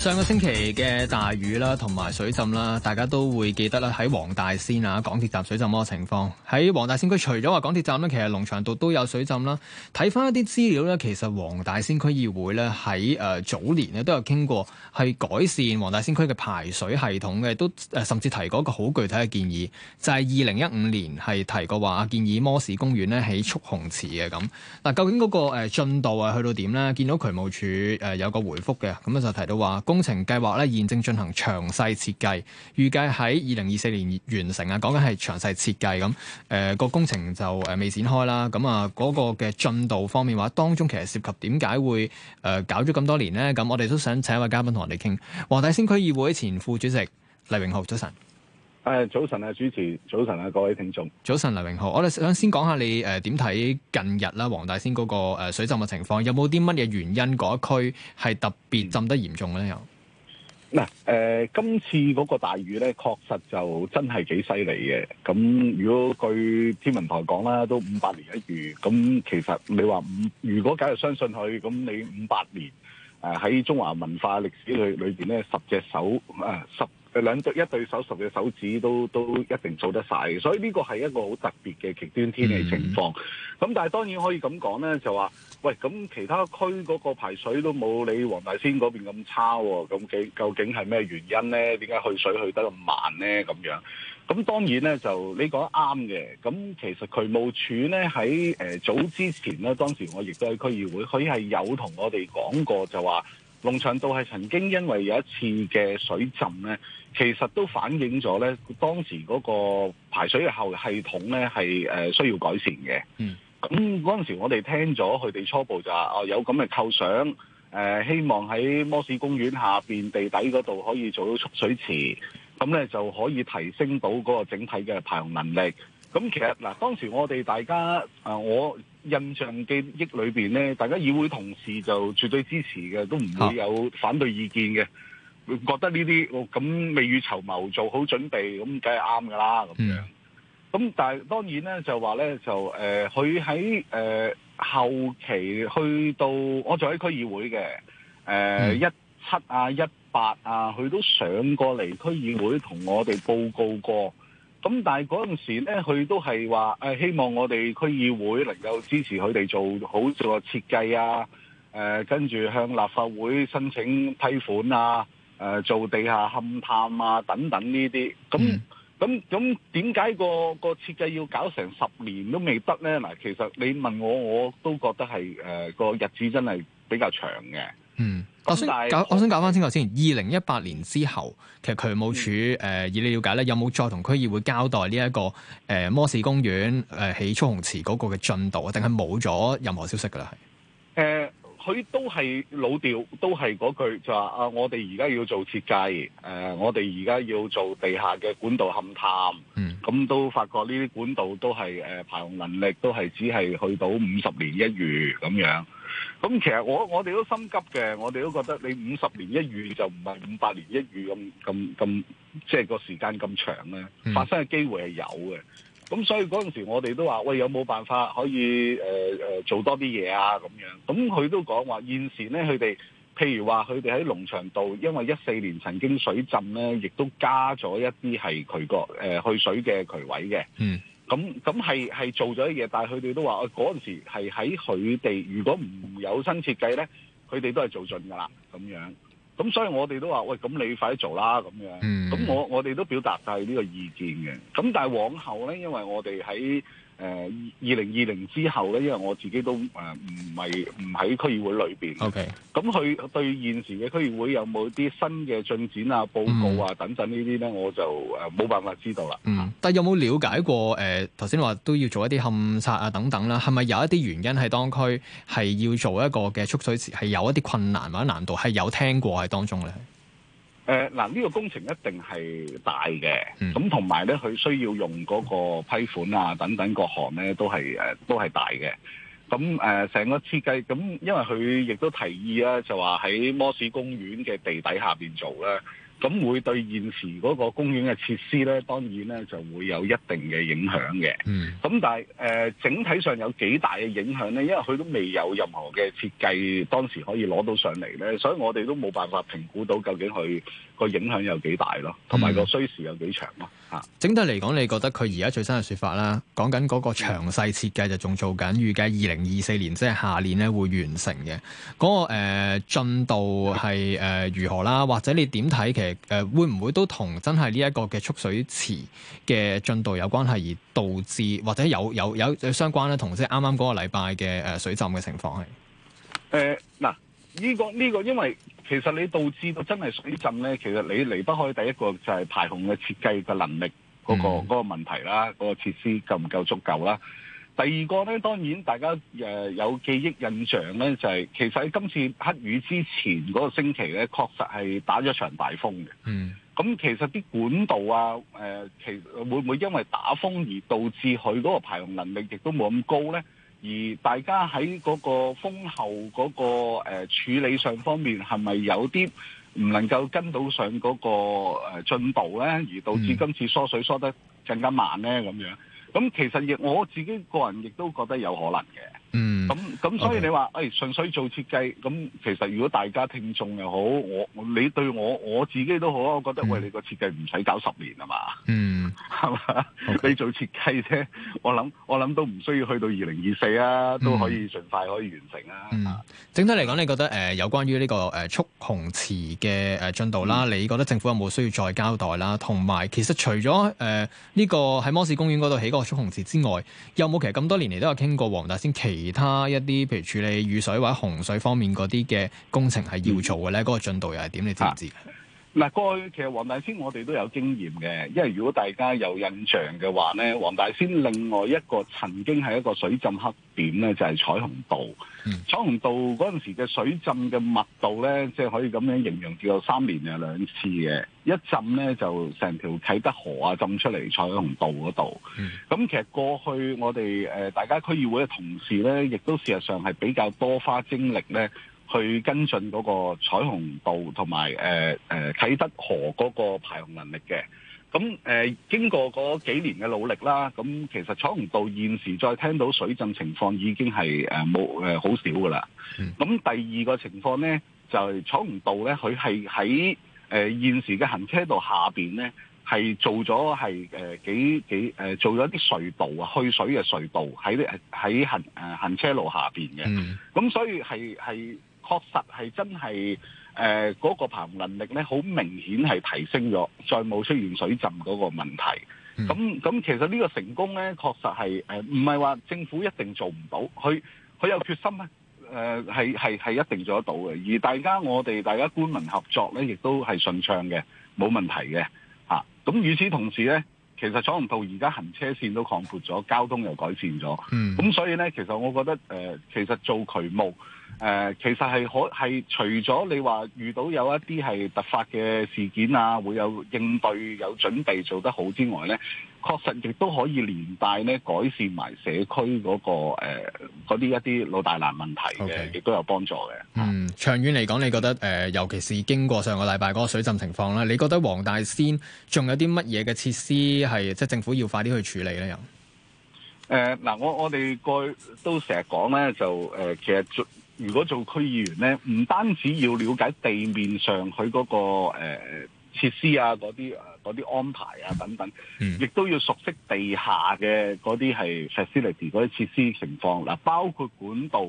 上個星期嘅大雨啦，同埋水浸啦，大家都會記得啦。喺黃大仙啊，港鐵站水浸嗰個情況，喺黃大仙區除咗話港鐵站呢，其實農場道都有水浸啦。睇翻一啲資料呢，其實黃大仙區議會呢，喺誒早年咧都有傾過，係改善黃大仙區嘅排水系統嘅，都誒甚至提過一個好具體嘅建議，就係二零一五年係提過話建議摩士公園呢起蓄洪池嘅咁。嗱，究竟嗰個誒進度啊去到點呢？見到渠務署誒有個回覆嘅，咁就提到話。工程計劃咧現正進行詳細設計，預計喺二零二四年完成啊。講緊係詳細設計咁，誒個、呃、工程就誒未展開啦。咁啊，嗰、呃那個嘅進度方面話，當中其實涉及點解會誒、呃、搞咗咁多年咧？咁我哋都想請一位嘉賓同我哋傾，黃大仙區議會前副主席黎榮浩，早晨。誒，早晨啊，主持，早晨啊，各位聽眾，早晨，黎榮浩，我哋想先講下你誒、點、呃、睇近日啦，黃大仙嗰、那個誒、呃、水浸嘅情況，有冇啲乜嘢原因嗰一區係特別浸得嚴重咧？又、嗯、嗱，誒、呃，今次嗰個大雨咧，確實就真係幾犀利嘅。咁如果據天文台講啦，都五百年一遇，咁其實你話五，如果假如相信佢，咁你五百年誒喺、呃、中華文化歷史裏裏邊咧，十隻手誒、呃、十。佢兩對一對手十隻手指都都一定做得晒。所以呢個係一個好特別嘅極端天氣情況。咁、mm-hmm. 但係當然可以咁講呢就話喂，咁其他區嗰個排水都冇你黃大仙嗰邊咁差喎。咁究竟係咩原因呢？點解去水去得咁慢呢？樣」咁樣咁當然呢，就你講得啱嘅。咁其實渠務處呢喺、呃、早之前呢，當時我亦都喺區議會，佢係有同我哋講過就，就話。龍翔道係曾經因為有一次嘅水浸咧，其實都反映咗咧當時嗰個排水嘅後系統咧係誒需要改善嘅。嗯，咁嗰陣時我哋聽咗佢哋初步就話哦有咁嘅構想，誒希望喺摩士公園下邊地底嗰度可以做到蓄水池，咁咧就可以提升到嗰個整體嘅排洪能力。咁其實嗱，當時我哋大家啊我，印象記憶裏面咧，大家議會同事就絕對支持嘅，都唔會有反對意見嘅、啊。覺得呢啲我咁未雨綢繆，做好準備，咁梗係啱㗎啦。咁樣，咁但係當然咧、嗯，就話咧，就、呃、誒，佢喺誒後期去到，我就喺區議會嘅誒一七啊一八啊，佢、啊、都上過嚟區議會同我哋報告過。咁但係嗰陣時咧，佢都係話希望我哋區議會能夠支持佢哋做好個設計啊。誒、呃，跟住向立法會申請批款啊。誒、呃，做地下勘探啊，等等呢啲。咁咁咁點解個、個設計要搞成十年都未得咧？嗱，其實你問我，我都覺得係誒個日子真係比較長嘅。嗯，嗯，嗯，嗯，我想搞，我想搞翻清楚先。二零一八年之後，其實渠務署誒、嗯呃，以你了解咧，有冇再同區議會交代呢、這、一個誒、呃、摩士公園誒、呃、起蓄洪池嗰個嘅進度啊？定係冇咗任何消息㗎啦？係、呃、誒，佢都係老調，都係嗰句就話啊，我哋而家要做設計，誒、啊，我哋而家要做地下嘅管道勘探，咁、嗯、都發覺呢啲管道都係誒、呃、排洪能力都係只係去到五十年一遇咁樣。咁其實我我哋都心急嘅，我哋都覺得你五十年一遇就唔係五百年一遇咁咁咁，即係、就是、個時間咁長咧，發生嘅機會係有嘅。咁所以嗰陣時我哋都話：喂，有冇辦法可以誒、呃、做多啲嘢啊？咁樣咁佢都講話現時咧，佢哋譬如話佢哋喺龍翔道，因為一四年曾經水浸咧，亦都加咗一啲係佢個誒去水嘅渠位嘅。嗯。咁咁係係做咗啲嘢，但係佢哋都話：我嗰陣時係喺佢哋，如果唔有新設計咧，佢哋都係做盡噶啦，咁樣。咁所以我哋都話：喂，咁你快啲做啦，咁樣。咁我我哋都表達晒呢個意見嘅。咁但係往後咧，因為我哋喺誒二零二零之後咧，因為我自己都誒唔係唔喺區議會裏邊。OK，咁佢對現時嘅區議會有冇啲新嘅進展啊、報告啊等等呢啲咧，我就誒冇辦法知道啦。嗯，但係有冇瞭解過誒頭先話都要做一啲勘測啊等等啦？係咪有一啲原因係當區係要做一個嘅蓄水池，係有一啲困難或者難度係有聽過喺當中咧？誒嗱呢個工程一定係大嘅，咁同埋咧，佢需要用嗰個批款啊等等各項咧，都係誒、呃、都係大嘅。咁誒成個設計，咁、嗯、因為佢亦都提議啊，就話喺摩士公園嘅地底下邊做咧。咁會對現時嗰個公園嘅設施咧，當然咧就會有一定嘅影響嘅。嗯。咁但係誒、呃、整體上有幾大嘅影響咧？因為佢都未有任何嘅設計當時可以攞到上嚟咧，所以我哋都冇辦法評估到究竟佢個影響有幾大咯，同埋個需時有幾長咯。吓、嗯、整體嚟講，你覺得佢而家最新嘅說法啦，講緊嗰個詳細設計就仲做緊，預計二零二四年即係、就是、下年咧會完成嘅。嗰、那個、呃、進度係誒、呃、如何啦？或者你點睇其實。誒、呃，會唔會都同真係呢一個嘅蓄水池嘅進度有關係，而導致或者有有有相關咧，同即係啱啱嗰個禮拜嘅誒水浸嘅情況係？誒、呃，嗱、這個，呢個呢個，因為其實你導致到真係水浸咧，其實你離不開第一個就係、是、排洪嘅設計嘅能力嗰、那個嗰、嗯、個問題啦，嗰、那個設施夠唔夠足夠啦？第二個咧，當然大家、呃、有記憶印象咧，就係、係、其實喺今次黑雨之前嗰、嗰個星期咧，確實係打咗場大風嘅。嗯。咁其實啲管道啊，呃、其實會唔會因為打風而導致佢嗰個排洪能力亦都冇咁高咧？而大家喺嗰個風後嗰、嗰個、呃、處理上方面，係咪有啲唔能夠跟到上嗰個進度咧？而導致今次疏水疏得更加慢咧？咁樣。咁其實亦我自己個人亦都覺得有可能嘅。嗯，咁咁所以你話，誒、okay. 哎，純粹做設計，咁其實如果大家聽眾又好，我你對我我自己都好，我覺得，嗯、喂，你個設計唔使搞十年啊嘛，嗯，係嘛，okay. 你做設計啫，我諗我諗都唔需要去到二零二四啊，都可以盡快可以完成啊。嗯嗯、整體嚟講，你覺得誒、呃、有關於呢、這個誒蓄、呃、洪池嘅誒進度啦、嗯，你覺得政府有冇需要再交代啦？同埋，其實除咗誒呢個喺摩士公園嗰度起嗰個蓄洪池之外，有冇其實咁多年嚟都有傾過黃大仙奇？其他一啲，譬如處理雨水或者洪水方面嗰啲嘅工程係要做嘅咧，嗰、嗯嗰個進度又係點？你知唔知？啊。嗱，過去其實黃大仙我哋都有經驗嘅，因為如果大家有印象嘅話咧，黃大仙另外一個曾經係一個水浸黑點咧，就係彩虹道。嗯、彩虹道嗰陣時嘅水浸嘅密度咧，即係可以咁樣形容，只有三年啊兩次嘅一浸咧，就成條啟德河啊浸出嚟彩虹道嗰度。咁、嗯、其實過去我哋誒大家區議會嘅同事咧，亦都事實上係比較多花精力咧。去跟進嗰個彩虹道同埋誒誒啟德河嗰個排洪能力嘅，咁誒、呃、經過嗰幾年嘅努力啦，咁其實彩虹道現時再聽到水浸情況已經係誒冇誒好少噶啦。咁第二個情況咧，就係、係、彩虹道咧，佢係喺誒現時嘅行車道下面咧，係做咗係誒幾幾誒、呃、做咗啲隧道啊，去水嘅隧道喺喺喺行誒行車路下面嘅。咁所以係。確實係真係誒嗰個排洪能力咧，好明顯係提升咗，再冇出現水浸嗰個問題。咁咁其實呢個成功咧，確實係誒唔係話政府一定做唔到，佢佢有決心咧，誒係係係一定做得到嘅。而大家我哋大家官民合作咧，亦都係順暢嘅，冇問題嘅嚇。咁、啊、與此同時咧，其實所唔到而家行車線都擴闊咗，交通又改善咗。咁、嗯、所以咧，其實我覺得誒、呃，其實做渠務。誒、呃，其實係可係除咗你話遇到有一啲係突發嘅事件啊，會有應對有準備做得好之外咧，確實亦都可以連帶咧改善埋社區嗰、嗰個嗰啲、呃、一啲老大難問題嘅，亦、okay. 都有幫助嘅。嗯，長遠嚟講，你覺得誒、呃，尤其是經過上個禮拜嗰個水浸情況啦，你覺得黃大仙仲有啲乜嘢嘅設施係即係政府要快啲去處理咧？又誒，嗱，我我哋個都成日講咧，就誒、呃，其實。如果做區議員咧，唔單止要了解地面上佢嗰個誒設施啊，嗰啲誒嗰啲安排啊等等，亦都要熟悉地下嘅嗰啲係 facility 嗰啲設施情況嗱，包括管道、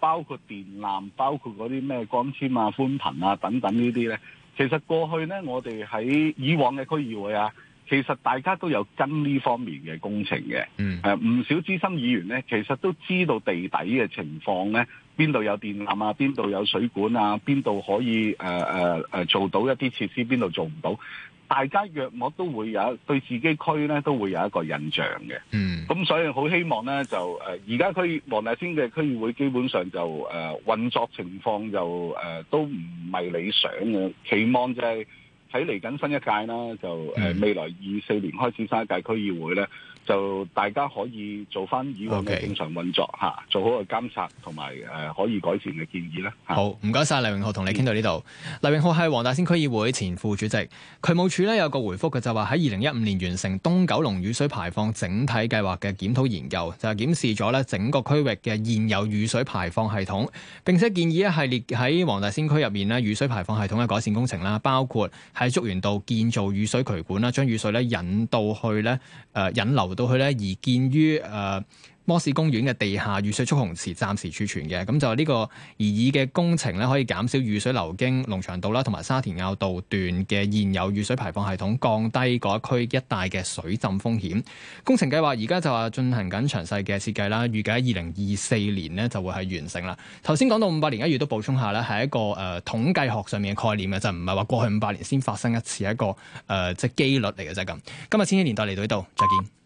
包括電纜、包括嗰啲咩光纖啊、寬頻啊等等呢啲咧，其實過去咧，我哋喺以往嘅區議會啊，其實大家都有跟呢方面嘅工程嘅，嗯，誒唔少資深議員咧，其實都知道地底嘅情況咧。邊度有電纜啊？邊度有水管啊？邊度可以誒誒、呃呃、做到一啲設施？邊度做唔到？大家約我都會有對自己區咧都會有一個印象嘅。嗯，咁所以好希望咧就誒，而、呃、家區黃大仙嘅區議會基本上就誒、呃、運作情況就誒、呃、都唔係理想嘅。期望就係喺嚟緊新一屆啦，就、呃嗯、未來二四年開始新一屆區議會咧。就大家可以做翻以往嘅正常運作吓，okay. 做好個監察同埋誒可以改善嘅建議啦，好，唔該晒黎榮浩，同你傾到呢度。黎榮浩係黃大仙區議會前副主席，渠務署咧有個回覆嘅就話喺二零一五年完成東九龍雨水排放整體計劃嘅檢討研究，就係、是、檢視咗咧整個區域嘅現有雨水排放系統，並且建議一系列喺黃大仙區入面咧雨水排放系統嘅改善工程啦，包括喺竹園道建造雨水渠管啦，將雨水咧引到去咧誒、呃、引流。到去咧，而建於誒、呃、摩士公園嘅地下雨水蓄洪池暫，暫時儲存嘅，咁就呢個而已嘅工程咧，可以減少雨水流經農場道啦，同埋沙田坳道，道段嘅現有雨水排放系統，降低嗰一區一帶嘅水浸風險。工程計劃而家就話進行緊詳細嘅設計啦，預計喺二零二四年咧就會係完成啦。頭先講到五百年一月都補充下咧，係一個誒、呃、統計學上面嘅概念嘅，就唔係話過去五百年先發生一次一個誒、呃、即係機率嚟嘅，就係咁。今日千禧年代嚟到呢度再見。